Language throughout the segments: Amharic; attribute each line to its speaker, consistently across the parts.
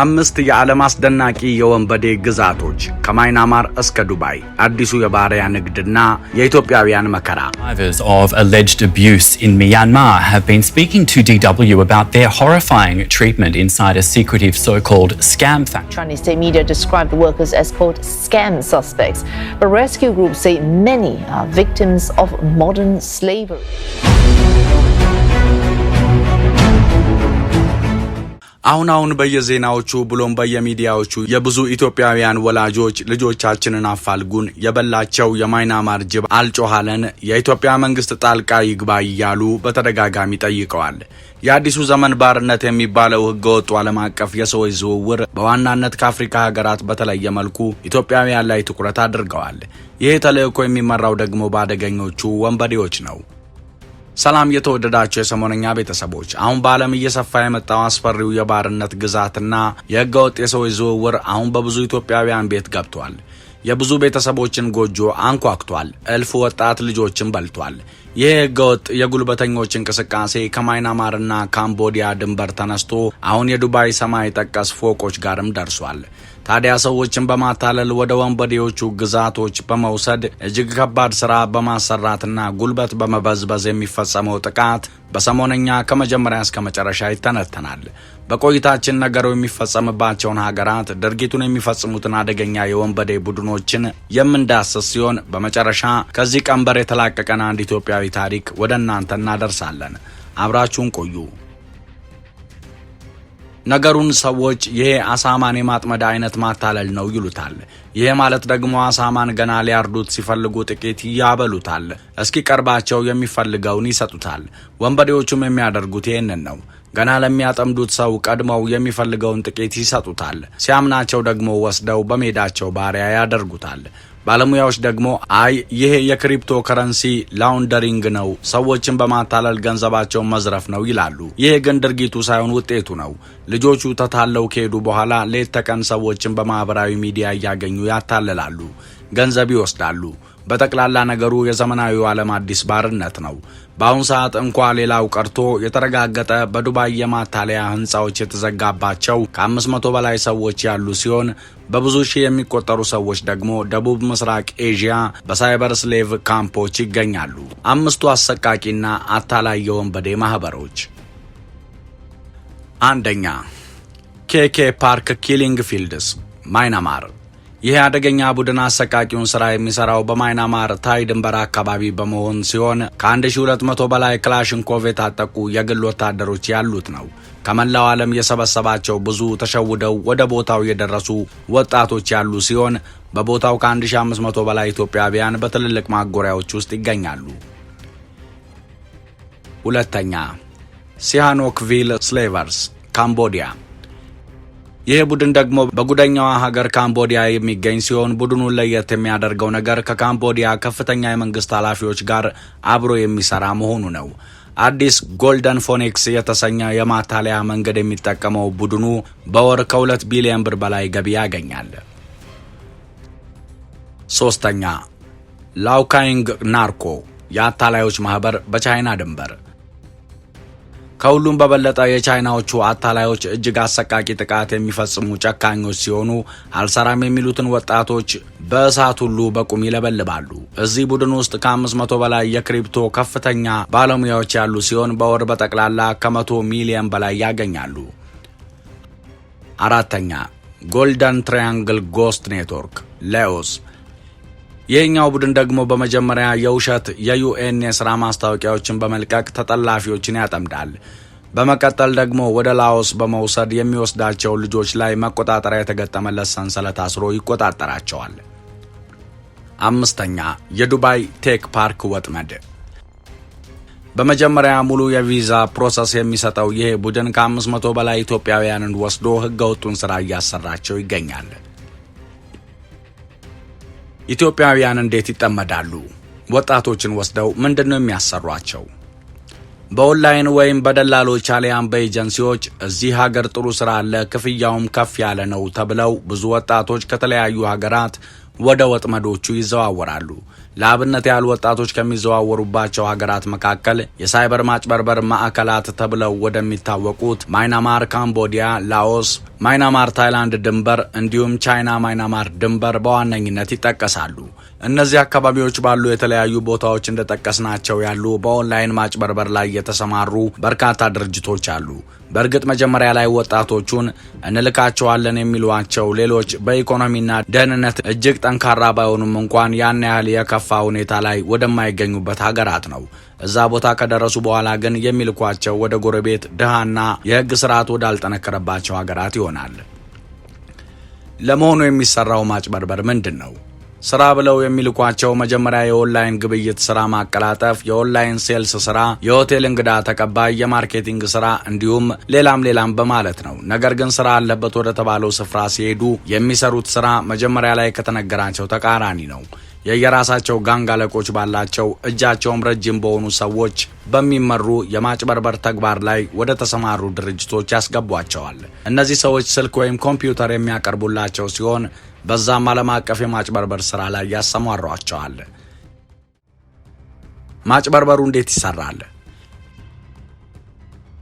Speaker 1: አምስት የዓለም አስደናቂ የወንበዴ ግዛቶች ከማይናማር እስከ ዱባይ አዲሱ የባሪያ ንግድና የኢትዮጵያውያን መከራ
Speaker 2: of alleged abuse in Myanmar have been speaking to DW about their horrifying treatment inside a secretive so-called scam factory.
Speaker 3: Chinese state media described the workers as quote scam suspects, but rescue groups say many are victims of modern slavery.
Speaker 4: አሁን አሁን በየዜናዎቹ ብሎም በየሚዲያዎቹ የብዙ ኢትዮጵያውያን ወላጆች ልጆቻችንን አፋልጉን፣ የበላቸው የማይናማር ጅብ አልጮኋለን፣ የኢትዮጵያ መንግስት ጣልቃ ይግባ እያሉ በተደጋጋሚ ጠይቀዋል። የአዲሱ ዘመን ባርነት የሚባለው ህገወጡ ዓለም አቀፍ የሰዎች ዝውውር በዋናነት ከአፍሪካ ሀገራት በተለየ መልኩ ኢትዮጵያውያን ላይ ትኩረት አድርገዋል። ይህ ተልእኮ የሚመራው ደግሞ በአደገኞቹ ወንበዴዎች ነው። ሰላም የተወደዳቸው የሰሞነኛ ቤተሰቦች፣ አሁን በዓለም እየሰፋ የመጣው አስፈሪው የባርነት ግዛትና የህገወጥ የሰዎች ዝውውር አሁን በብዙ ኢትዮጵያውያን ቤት ገብቷል። የብዙ ቤተሰቦችን ጎጆ አንኳክቷል፣ እልፍ ወጣት ልጆችን በልቷል። ይህ ህገወጥ የጉልበተኞች እንቅስቃሴ ከማይናማርና ካምቦዲያ ድንበር ተነስቶ አሁን የዱባይ ሰማይ ጠቀስ ፎቆች ጋርም ደርሷል። ታዲያ ሰዎችን በማታለል ወደ ወንበዴዎቹ ግዛቶች በመውሰድ እጅግ ከባድ ስራ በማሰራትና ጉልበት በመበዝበዝ የሚፈጸመው ጥቃት በሰሞነኛ ከመጀመሪያ እስከ መጨረሻ ይተነተናል። በቆይታችን ነገሩ የሚፈጸምባቸውን ሀገራት፣ ድርጊቱን የሚፈጽሙትን አደገኛ የወንበዴ ቡድኖችን የምንዳስስ ሲሆን በመጨረሻ ከዚህ ቀንበር የተላቀቀን አንድ ኢትዮጵያዊ ታሪክ ወደ እናንተ እናደርሳለን። አብራችሁን ቆዩ። ነገሩን ሰዎች ይሄ አሳማን የማጥመድ አይነት ማታለል ነው ይሉታል። ይሄ ማለት ደግሞ አሳማን ገና ሊያርዱት ሲፈልጉ ጥቂት ያበሉታል፣ እስኪ ቀርባቸው የሚፈልገውን ይሰጡታል። ወንበዴዎቹም የሚያደርጉት ይህንን ነው። ገና ለሚያጠምዱት ሰው ቀድመው የሚፈልገውን ጥቂት ይሰጡታል። ሲያምናቸው ደግሞ ወስደው በሜዳቸው ባሪያ ያደርጉታል። ባለሙያዎች ደግሞ አይ ይሄ የክሪፕቶ ከረንሲ ላውንደሪንግ ነው፣ ሰዎችን በማታለል ገንዘባቸውን መዝረፍ ነው ይላሉ። ይሄ ግን ድርጊቱ ሳይሆን ውጤቱ ነው። ልጆቹ ተታለው ከሄዱ በኋላ ሌት ተቀን ሰዎችን በማህበራዊ ሚዲያ እያገኙ ያታልላሉ፣ ገንዘብ ይወስዳሉ። በጠቅላላ ነገሩ የዘመናዊው ዓለም አዲስ ባርነት ነው። በአሁን ሰዓት እንኳ ሌላው ቀርቶ የተረጋገጠ በዱባይ የማታለያ ህንፃዎች የተዘጋባቸው ከ500 በላይ ሰዎች ያሉ ሲሆን በብዙ ሺህ የሚቆጠሩ ሰዎች ደግሞ ደቡብ ምስራቅ ኤዥያ በሳይበር ስሌቭ ካምፖች ይገኛሉ። አምስቱ አሰቃቂና አታላይ የወንበዴ ማኅበሮች
Speaker 5: አንደኛ ኬኬ ፓርክ ኪሊንግ ፊልድስ ማይናማር ይህ አደገኛ ቡድን አሰቃቂውን ስራ የሚሰራው በማይናማር ታይ ድንበር አካባቢ በመሆን ሲሆን ከ1200 በላይ ክላሽንኮቭ የታጠቁ የግል ወታደሮች ያሉት ነው። ከመላው ዓለም የሰበሰባቸው ብዙ ተሸውደው ወደ ቦታው የደረሱ ወጣቶች ያሉ ሲሆን በቦታው ከ1500 በላይ ኢትዮጵያውያን በትልልቅ ማጎሪያዎች ውስጥ ይገኛሉ። ሁለተኛ ሲሃኖክቪል ስሌቨርስ ካምቦዲያ ይህ ቡድን ደግሞ በጉደኛዋ ሀገር ካምቦዲያ የሚገኝ ሲሆን ቡድኑን ለየት የሚያደርገው ነገር ከካምቦዲያ ከፍተኛ የመንግስት ኃላፊዎች ጋር አብሮ የሚሰራ መሆኑ ነው። አዲስ ጎልደን ፎኒክስ የተሰኘ የማታለያ መንገድ የሚጠቀመው ቡድኑ በወር ከሁለት ቢሊዮን ብር በላይ ገቢ ያገኛል። ሶስተኛ ላውካይንግ ናርኮ የአታላዮች ማህበር በቻይና ድንበር ከሁሉም በበለጠ የቻይናዎቹ አታላዮች እጅግ አሰቃቂ ጥቃት የሚፈጽሙ ጨካኞች ሲሆኑ አልሰራም የሚሉትን ወጣቶች በእሳት ሁሉ በቁም ይለበልባሉ። እዚህ ቡድን ውስጥ ከ500 በላይ የክሪፕቶ ከፍተኛ ባለሙያዎች ያሉ ሲሆን በወር በጠቅላላ ከ100 ሚሊየን በላይ ያገኛሉ። አራተኛ ጎልደን ትራያንግል ጎስት ኔትወርክ ሌዎስ ይህኛው ቡድን ደግሞ በመጀመሪያ የውሸት የዩኤን የስራ ማስታወቂያዎችን በመልቀቅ ተጠላፊዎችን ያጠምዳል። በመቀጠል ደግሞ ወደ ላኦስ በመውሰድ የሚወስዳቸው ልጆች ላይ መቆጣጠሪያ የተገጠመለት ሰንሰለት አስሮ ይቆጣጠራቸዋል። አምስተኛ የዱባይ ቴክ ፓርክ ወጥመድ። በመጀመሪያ ሙሉ የቪዛ ፕሮሰስ የሚሰጠው ይሄ ቡድን ከአምስት መቶ በላይ ኢትዮጵያውያንን ወስዶ ህገወጡን ስራ እያሰራቸው ይገኛል። ኢትዮጵያውያን እንዴት ይጠመዳሉ? ወጣቶችን ወስደው ምንድን ነው የሚያሰሯቸው? በኦንላይን ወይም በደላሎች አሊያም በኤጀንሲዎች እዚህ ሀገር ጥሩ ስራ አለ፣ ክፍያውም ከፍ ያለ ነው ተብለው ብዙ ወጣቶች ከተለያዩ ሀገራት ወደ ወጥመዶቹ ይዘዋወራሉ። ለአብነት ያህል ወጣቶች ከሚዘዋወሩባቸው ሀገራት መካከል የሳይበር ማጭበርበር ማዕከላት ተብለው ወደሚታወቁት ማይናማር፣ ካምቦዲያ፣ ላኦስ፣ ማይናማር ታይላንድ ድንበር እንዲሁም ቻይና ማይናማር ድንበር በዋነኝነት ይጠቀሳሉ። እነዚህ አካባቢዎች ባሉ የተለያዩ ቦታዎች እንደጠቀስናቸው ያሉ በኦንላይን ማጭበርበር ላይ የተሰማሩ በርካታ ድርጅቶች አሉ። በእርግጥ መጀመሪያ ላይ ወጣቶቹን እንልካቸዋለን የሚሏቸው ሌሎች በኢኮኖሚና ደህንነት እጅግ ጠንካራ ባይሆኑም እንኳን ያን ያህል የከፋ ሁኔታ ላይ ወደማይገኙበት ሀገራት ነው። እዛ ቦታ ከደረሱ በኋላ ግን የሚልኳቸው ወደ ጎረቤት ድሃና የህግ ስርዓት ወዳልጠነከረባቸው ሀገራት ይሆናል። ይሆናል። ለመሆኑ የሚሰራው ማጭበርበር ምንድን ነው? ስራ ብለው የሚልኳቸው መጀመሪያ የኦንላይን ግብይት ስራ ማቀላጠፍ፣ የኦንላይን ሴልስ ስራ፣ የሆቴል እንግዳ ተቀባይ፣ የማርኬቲንግ ስራ እንዲሁም ሌላም ሌላም በማለት ነው። ነገር ግን ስራ አለበት ወደ ተባለው ስፍራ ሲሄዱ የሚሰሩት ስራ መጀመሪያ ላይ ከተነገራቸው ተቃራኒ ነው። የየራሳቸው ጋንግ አለቆች ባላቸው እጃቸውም ረጅም በሆኑ ሰዎች በሚመሩ የማጭበርበር ተግባር ላይ ወደ ተሰማሩ ድርጅቶች ያስገቧቸዋል። እነዚህ ሰዎች ስልክ ወይም ኮምፒውተር የሚያቀርቡላቸው ሲሆን በዛም ዓለም አቀፍ የማጭበርበር ስራ ላይ ያሰማሯቸዋል። ማጭበርበሩ እንዴት ይሰራል?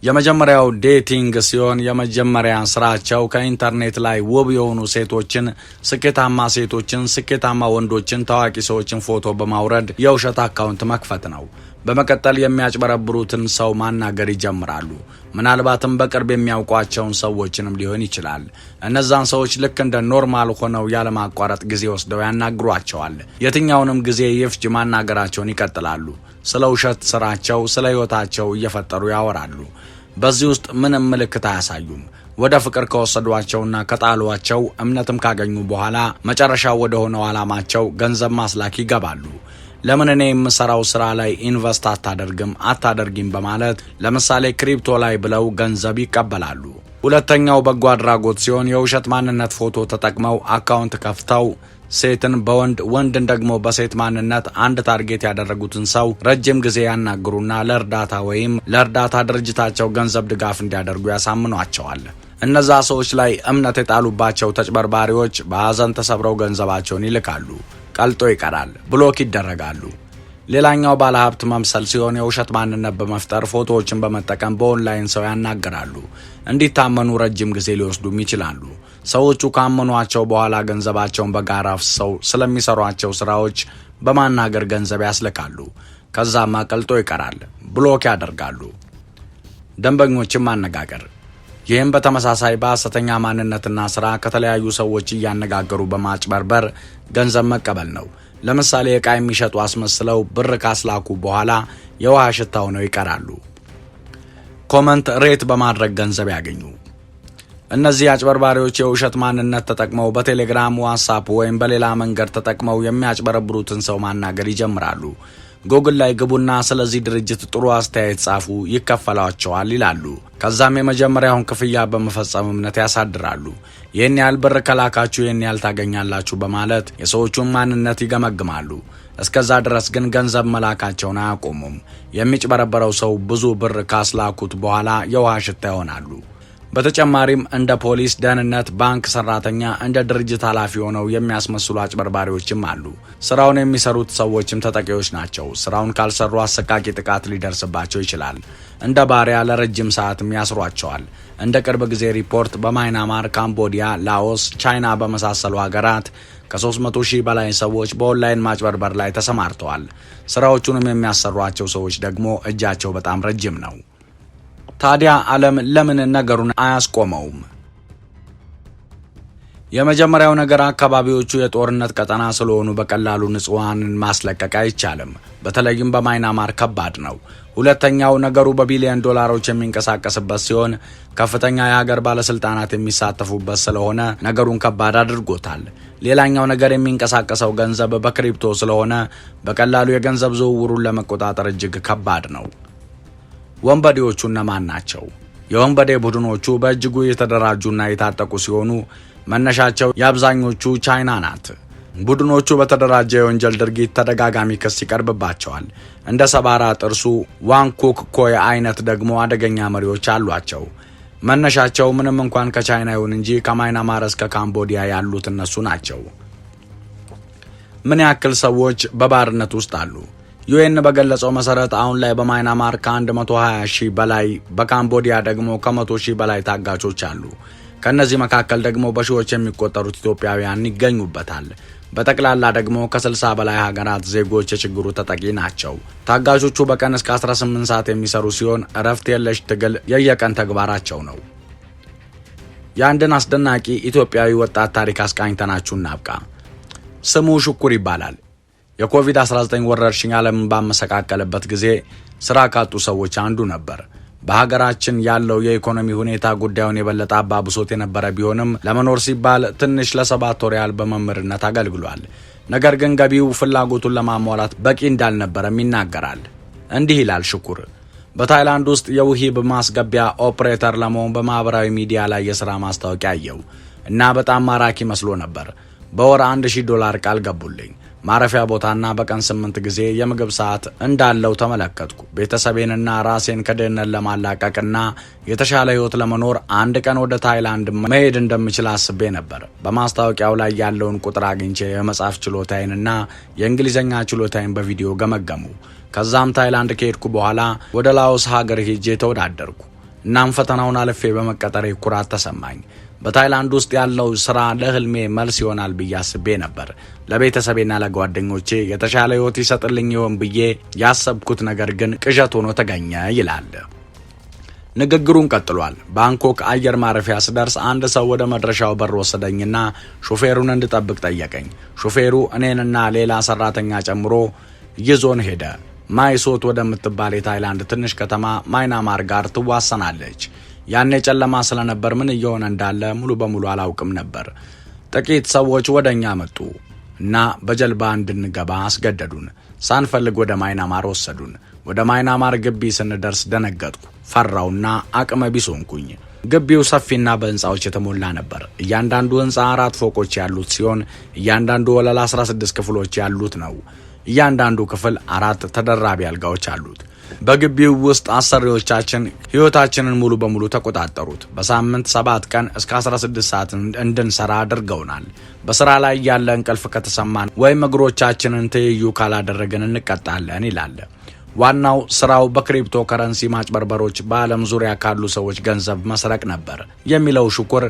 Speaker 5: የመጀመሪያው ዴቲንግ ሲሆን የመጀመሪያ ስራቸው ከኢንተርኔት ላይ ውብ የሆኑ ሴቶችን፣ ስኬታማ ሴቶችን፣ ስኬታማ ወንዶችን፣ ታዋቂ ሰዎችን ፎቶ በማውረድ የውሸት አካውንት መክፈት ነው። በመቀጠል የሚያጭበረብሩትን ሰው ማናገር ይጀምራሉ። ምናልባትም በቅርብ የሚያውቋቸውን ሰዎችንም ሊሆን ይችላል። እነዛን ሰዎች ልክ እንደ ኖርማል ሆነው ያለማቋረጥ ጊዜ ወስደው ያናግሯቸዋል። የትኛውንም ጊዜ ይፍጅ ማናገራቸውን ይቀጥላሉ። ስለ ውሸት ስራቸው፣ ስለ ህይወታቸው እየፈጠሩ ያወራሉ። በዚህ ውስጥ ምንም ምልክት አያሳዩም። ወደ ፍቅር ከወሰዷቸውና ከጣሏቸው እምነትም ካገኙ በኋላ መጨረሻው ወደ ሆነው ዓላማቸው ገንዘብ ማስላክ ይገባሉ። ለምን እኔ የምሰራው ስራ ላይ ኢንቨስት አታደርግም አታደርጊም በማለት ለምሳሌ ክሪፕቶ ላይ ብለው ገንዘብ ይቀበላሉ። ሁለተኛው በጎ አድራጎት ሲሆን የውሸት ማንነት ፎቶ ተጠቅመው አካውንት ከፍተው ሴትን በወንድ ወንድን ደግሞ በሴት ማንነት አንድ ታርጌት ያደረጉትን ሰው ረጅም ጊዜ ያናግሩና ለእርዳታ ወይም ለእርዳታ ድርጅታቸው ገንዘብ ድጋፍ እንዲያደርጉ ያሳምኗቸዋል። እነዛ ሰዎች ላይ እምነት የጣሉባቸው ተጭበርባሪዎች በሐዘን ተሰብረው ገንዘባቸውን ይልካሉ፣ ቀልጦ ይቀራል፣ ብሎክ ይደረጋሉ። ሌላኛው ባለሀብት መምሰል ሲሆን የውሸት ማንነት በመፍጠር ፎቶዎችን በመጠቀም በኦንላይን ሰው ያናግራሉ። እንዲታመኑ ረጅም ጊዜ ሊወስዱም ይችላሉ። ሰዎቹ ካመኗቸው በኋላ ገንዘባቸውን በጋራ አፍሰው ስለሚሰሯቸው ስራዎች በማናገር ገንዘብ ያስልካሉ። ከዛም አቀልጦ ይቀራል፣ ብሎክ ያደርጋሉ። ደንበኞችን ማነጋገር ይህም በተመሳሳይ በሐሰተኛ ማንነትና ስራ ከተለያዩ ሰዎች እያነጋገሩ በማጭበርበር ገንዘብ መቀበል ነው። ለምሳሌ ዕቃ የሚሸጡ አስመስለው ብር ካስላኩ በኋላ የውሃ ሽታ ሆነው ይቀራሉ። ኮመንት ሬት በማድረግ ገንዘብ ያገኙ። እነዚህ አጭበርባሪዎች የውሸት ማንነት ተጠቅመው በቴሌግራም ዋትሳፕ ወይም በሌላ መንገድ ተጠቅመው የሚያጭበረብሩትን ሰው ማናገር ይጀምራሉ። ጉግል ላይ ግቡና ስለዚህ ድርጅት ጥሩ አስተያየት ጻፉ፣ ይከፈላቸዋል ይላሉ። ከዛም የመጀመሪያውን ክፍያ በመፈጸም እምነት ያሳድራሉ። ይህን ያህል ብር ከላካችሁ ይህን ያህል ታገኛላችሁ በማለት የሰዎቹን ማንነት ይገመግማሉ። እስከዛ ድረስ ግን ገንዘብ መላካቸውን አያቆሙም። የሚጭበረበረው ሰው ብዙ ብር ካስላኩት በኋላ የውሃ ሽታ ይሆናሉ። በተጨማሪም እንደ ፖሊስ፣ ደህንነት፣ ባንክ ሰራተኛ፣ እንደ ድርጅት ኃላፊ ሆነው የሚያስመስሉ አጭበርባሪዎችም አሉ። ስራውን የሚሰሩት ሰዎችም ተጠቂዎች ናቸው። ስራውን ካልሰሩ አሰቃቂ ጥቃት ሊደርስባቸው ይችላል። እንደ ባሪያ ለረጅም ሰዓትም ያስሯቸዋል። እንደ ቅርብ ጊዜ ሪፖርት በማይናማር፣ ካምቦዲያ፣ ላኦስ፣ ቻይና በመሳሰሉ ሀገራት ከ300 ሺህ በላይ ሰዎች በኦንላይን ማጭበርበር ላይ ተሰማርተዋል። ስራዎቹንም የሚያሰሯቸው ሰዎች ደግሞ እጃቸው በጣም ረጅም ነው። ታዲያ ዓለም ለምን ነገሩን አያስቆመውም? የመጀመሪያው ነገር አካባቢዎቹ የጦርነት ቀጠና ስለሆኑ በቀላሉ ንጹሐንን ማስለቀቅ አይቻልም። በተለይም በማይናማር ከባድ ነው። ሁለተኛው ነገሩ በቢሊዮን ዶላሮች የሚንቀሳቀስበት ሲሆን ከፍተኛ የሀገር ባለስልጣናት የሚሳተፉበት ስለሆነ ነገሩን ከባድ አድርጎታል። ሌላኛው ነገር የሚንቀሳቀሰው ገንዘብ በክሪፕቶ ስለሆነ በቀላሉ የገንዘብ ዝውውሩን ለመቆጣጠር እጅግ ከባድ ነው። ወንበዴዎቹ እነማን ናቸው? የወንበዴ ቡድኖቹ በእጅጉ የተደራጁና የታጠቁ ሲሆኑ መነሻቸው የአብዛኞቹ ቻይና ናት። ቡድኖቹ በተደራጀ የወንጀል ድርጊት ተደጋጋሚ ክስ ይቀርብባቸዋል። እንደ ሰባራ ጥርሱ ዋንኩክ ኮይ አይነት ደግሞ አደገኛ መሪዎች አሏቸው። መነሻቸው ምንም እንኳን ከቻይና ይሁን እንጂ ከማይናማር እስከ ካምቦዲያ ያሉት እነሱ ናቸው። ምን ያክል ሰዎች በባርነት ውስጥ አሉ? ዩኤን በገለጸው መሰረት አሁን ላይ በማይናማር ከ120 ሺህ በላይ በካምቦዲያ ደግሞ ከ100 ሺህ በላይ ታጋቾች አሉ። ከእነዚህ መካከል ደግሞ በሺዎች የሚቆጠሩት ኢትዮጵያውያን ይገኙበታል። በጠቅላላ ደግሞ ከ60 በላይ ሀገራት ዜጎች የችግሩ ተጠቂ ናቸው። ታጋቾቹ በቀን እስከ 18 ሰዓት የሚሰሩ ሲሆን እረፍት የለሽ ትግል የየቀን ተግባራቸው ነው። የአንድን አስደናቂ ኢትዮጵያዊ ወጣት ታሪክ አስቃኝተናችሁ እናብቃ። ስሙ ሽኩር ይባላል። የኮቪድ-19 ወረርሽኝ ዓለምን ባመሰቃቀለበት ጊዜ ስራ ካጡ ሰዎች አንዱ ነበር። በሀገራችን ያለው የኢኮኖሚ ሁኔታ ጉዳዩን የበለጠ አባብሶት የነበረ ቢሆንም ለመኖር ሲባል ትንሽ ለሰባት ወር ያህል በመምህርነት አገልግሏል። ነገር ግን ገቢው ፍላጎቱን ለማሟላት በቂ እንዳልነበረም ይናገራል። እንዲህ ይላል ሽኩር። በታይላንድ ውስጥ የውሂብ ማስገቢያ ኦፕሬተር ለመሆን በማኅበራዊ ሚዲያ ላይ የሥራ ማስታወቂያ አየው እና በጣም ማራኪ መስሎ ነበር። በወር አንድ ሺህ ዶላር ቃል ገቡልኝ ማረፊያ ቦታና በቀን ስምንት ጊዜ የምግብ ሰዓት እንዳለው ተመለከትኩ። ቤተሰቤንና ራሴን ከድህነት ለማላቀቅና የተሻለ ህይወት ለመኖር አንድ ቀን ወደ ታይላንድ መሄድ እንደምችል አስቤ ነበር። በማስታወቂያው ላይ ያለውን ቁጥር አግኝቼ የመጻፍ ችሎታዬንና የእንግሊዝኛ ችሎታዬን በቪዲዮ ገመገሙ። ከዛም ታይላንድ ከሄድኩ በኋላ ወደ ላኦስ ሀገር ሄጄ ተወዳደርኩ። እናም ፈተናውን አልፌ በመቀጠሬ ኩራት ተሰማኝ። በታይላንድ ውስጥ ያለው ስራ ለህልሜ መልስ ይሆናል ብዬ አስቤ ነበር። ለቤተሰቤና ለጓደኞቼ የተሻለ ህይወት ይሰጥልኝ ይሆን ብዬ ያሰብኩት ነገር ግን ቅዠት ሆኖ ተገኘ ይላል። ንግግሩን ቀጥሏል። ባንኮክ አየር ማረፊያ ስደርስ አንድ ሰው ወደ መድረሻው በር ወሰደኝና ሾፌሩን እንድጠብቅ ጠየቀኝ። ሾፌሩ እኔንና ሌላ ሰራተኛ ጨምሮ ይዞን ሄደ። ማይሶት ወደምትባል የታይላንድ ትንሽ ከተማ ማይናማር ጋር ትዋሰናለች። ያኔ ጨለማ ስለነበር ምን እየሆነ እንዳለ ሙሉ በሙሉ አላውቅም ነበር። ጥቂት ሰዎች ወደ እኛ መጡ እና በጀልባ እንድንገባ አስገደዱን። ሳንፈልግ ወደ ማይናማር ወሰዱን። ወደ ማይናማር ግቢ ስንደርስ ደነገጥኩ፣ ፈራውና አቅመ ቢስ ሆንኩኝ። ግቢው ሰፊና በህንፃዎች የተሞላ ነበር። እያንዳንዱ ህንፃ አራት ፎቆች ያሉት ሲሆን እያንዳንዱ ወለል 16 ክፍሎች ያሉት ነው። እያንዳንዱ ክፍል አራት ተደራቢ አልጋዎች አሉት። በግቢው ውስጥ አሰሪዎቻችን ህይወታችንን ሙሉ በሙሉ ተቆጣጠሩት። በሳምንት ሰባት ቀን እስከ 16 ሰዓት እንድንሰራ አድርገውናል። በስራ ላይ ያለ እንቅልፍ ከተሰማን ወይም እግሮቻችንን ትይዩ ካላደረግን እንቀጣለን ይላል። ዋናው ስራው በክሪፕቶ ከረንሲ ማጭበርበሮች በዓለም ዙሪያ ካሉ ሰዎች ገንዘብ መስረቅ ነበር የሚለው ሽኩር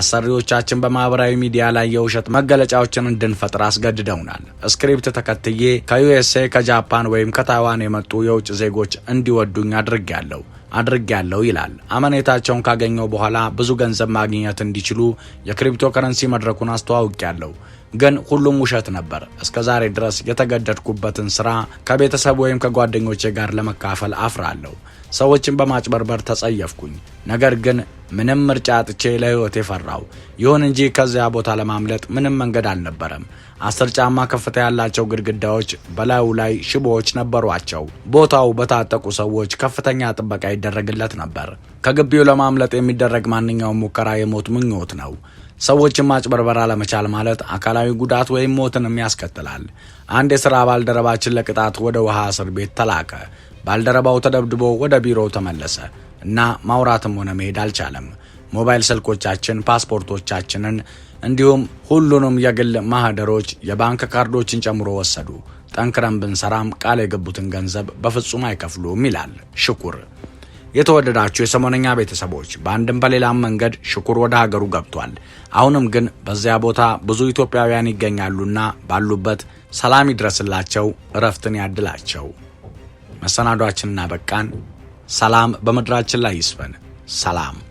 Speaker 5: አሰሪዎቻችን በማህበራዊ ሚዲያ ላይ የውሸት መገለጫዎችን እንድንፈጥር አስገድደውናል። ስክሪፕት ተከትዬ ከዩኤስኤ ከጃፓን ወይም ከታይዋን የመጡ የውጭ ዜጎች እንዲወዱኝ አድርጌያለሁ። አድርጌያለሁ ይላል። አመኔታቸውን ካገኘው በኋላ ብዙ ገንዘብ ማግኘት እንዲችሉ የክሪፕቶ ከረንሲ መድረኩን አስተዋውቄያለሁ። ግን ሁሉም ውሸት ነበር። እስከ ዛሬ ድረስ የተገደድኩበትን ስራ ከቤተሰብ ወይም ከጓደኞቼ ጋር ለመካፈል አፍራለሁ። ሰዎችን በማጭበርበር ተጸየፍኩኝ። ነገር ግን ምንም ምርጫ አጥቼ ለህይወት ፈራው። ይሁን እንጂ ከዚያ ቦታ ለማምለጥ ምንም መንገድ አልነበረም። አስር ጫማ ከፍታ ያላቸው ግድግዳዎች፣ በላዩ ላይ ሽቦዎች ነበሯቸው። ቦታው በታጠቁ ሰዎች ከፍተኛ ጥበቃ ይደረግለት ነበር። ከግቢው ለማምለጥ የሚደረግ ማንኛውም ሙከራ የሞት ምኞት ነው። ሰዎችን ማጭበርበር አለመቻል ማለት አካላዊ ጉዳት ወይም ሞትንም ያስከትላል። አንድ የሥራ ባልደረባችን ለቅጣት ወደ ውሃ እስር ቤት ተላከ። ባልደረባው ተደብድቦ ወደ ቢሮው ተመለሰ። እና ማውራትም ሆነ መሄድ አልቻለም። ሞባይል ስልኮቻችን፣ ፓስፖርቶቻችንን እንዲሁም ሁሉንም የግል ማህደሮች የባንክ ካርዶችን ጨምሮ ወሰዱ። ጠንክረን ብንሰራም ቃል የገቡትን ገንዘብ በፍጹም አይከፍሉም ይላል ሽኩር። የተወደዳችሁ የሰሞነኛ ቤተሰቦች በአንድም በሌላም መንገድ ሽኩር ወደ ሀገሩ ገብቷል። አሁንም ግን በዚያ ቦታ ብዙ ኢትዮጵያውያን ይገኛሉና ባሉበት ሰላም ይድረስላቸው፣ እረፍትን ያድላቸው። መሰናዷችንና በቃን። ሰላም በምድራችን ላይ ይስፈን። ሰላም